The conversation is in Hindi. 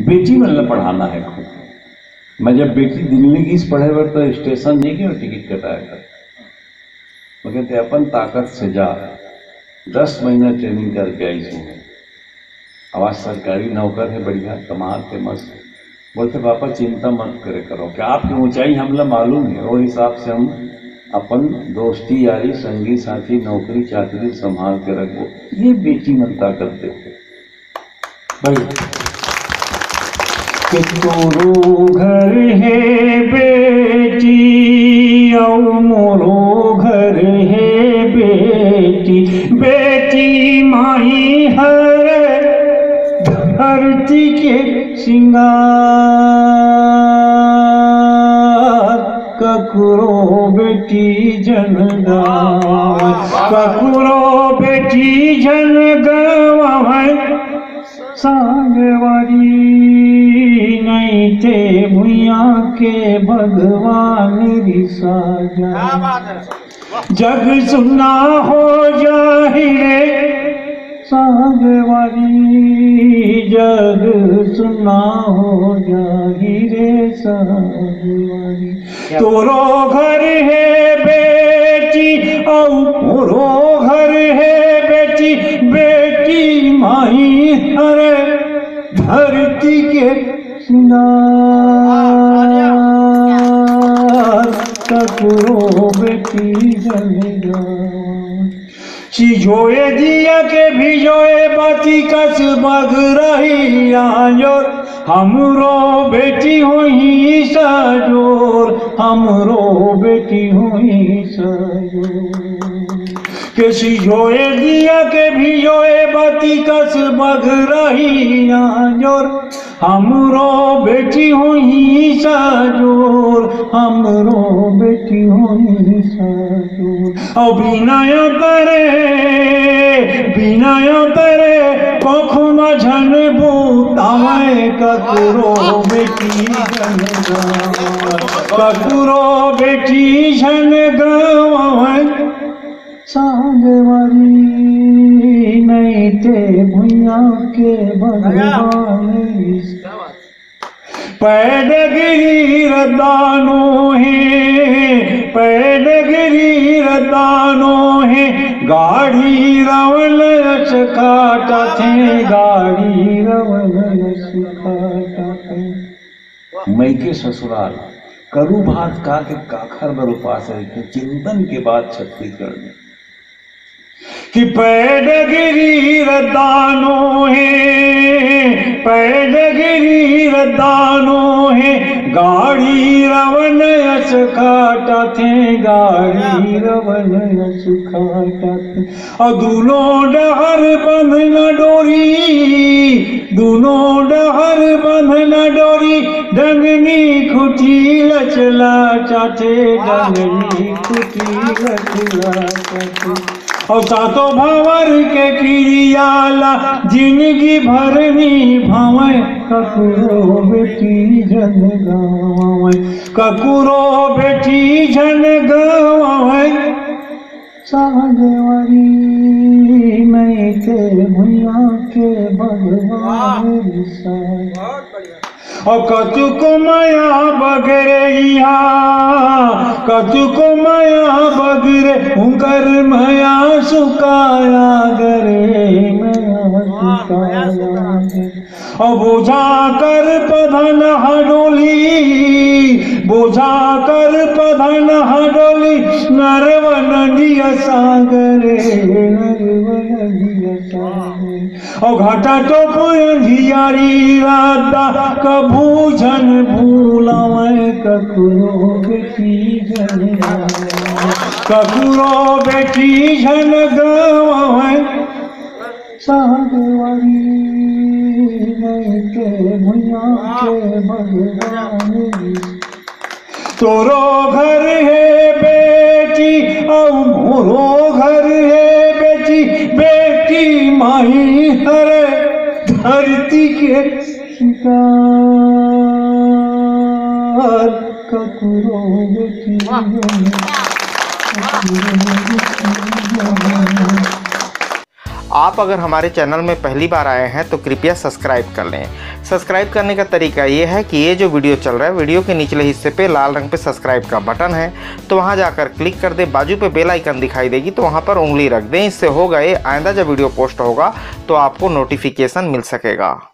बेटी मतलब पढ़ाना है खूब मैं जब बेटी दिल्ली की पढ़े हुए तो स्टेशन नहीं गया और टिकट कटाया कर वो कहते अपन ताकत से जा दस महीना ट्रेनिंग करके आई हूँ अब आज सरकारी नौकर है बढ़िया के मस्त बोलते पापा चिंता मत करे करो कि आपकी ऊंचाई हमला मालूम है और हिसाब से हम अपन दोस्ती यारी संगी साथी नौकरी चाकरी संभाल के रखो ये बेटी मन ताकत देते भाई तोरो घर है बेटी औ मोरो घर है बेटी बेटी माई हर धरती के सिंगार ककरो बेटी जनगाव ककरो बेटी जनगाव है सांगवारी मीठे भुया के भगवान रिसा जग सुना हो जाहिरे सागवारी जग सुना हो जाहिरे सागवारी तोरो घर है बेटी औरो घर है बेटी बेटी माई हरे धरती के श्रृंगार तकरो बेटी जलेगा सिझोए दिया के भिजोए बाती कस बग रही आजोर हमरो बेटी हुई सजोर हमरो बेटी हुई सजोर के सिझोए दिया के भिजोए बाती कस बग रही आजोर हमरो बेटी हुई साजूर हमरो बेटी हुई साजूर और बिनाय करे बिनाय करे कखो मझन बुताए ककुरो बेटी ककुरो बेटी झन गावे साजवारी बेटे भैया के भगवान पैदगिरी रदानो है पैदगिरी रदानो है गाड़ी रवल काटा थे गाड़ी रवल काटा थे मैं के ससुराल करु भात का के काखर बर उपास है चिंतन के बाद छत्तीसगढ़ में पैडगिरी रदानो है पैडगिरी रदानो है गाड़ी रवन यश काटा थे गाड़ी रवन यश काटा थे और दोनों डहर बंधना डोरी दोनों डहर बंधना डोरी डंगनी खुटी लचला चाटे डंगनी खुटी लचला चाटे और सातो भंवर के क्रियाला जिंदगी भरनी भवे ककुरो बेटी जन गावे ककुरो बेटी जन गावे सहदेवरी नहीं थे भैया के भगवान और कतुक माया बगरे कतुक माया बगरे हुकर माया सुकाया गरे में बुझा कर पधन हडोली बुझा कर पधन हडोली नरवन दिया सागर और घटा तो पुयियारी राधा कभूजन भूलावे ककुरो बेटी जन ककुरो बेटी जन गवावे हाँ। के तोरो घर है बेटी मोरो घर हे बेटी बेटी माई हरे धरती के ककुरो बेटी आप अगर हमारे चैनल में पहली बार आए हैं तो कृपया सब्सक्राइब कर लें सब्सक्राइब करने का तरीका ये है कि ये जो वीडियो चल रहा है वीडियो के निचले हिस्से पे लाल रंग पे सब्सक्राइब का बटन है तो वहाँ जाकर क्लिक कर दें बाजू पे बेल आइकन दिखाई देगी तो वहाँ पर उंगली रख दें इससे होगा ये आइंदा जब वीडियो पोस्ट होगा तो आपको नोटिफिकेशन मिल सकेगा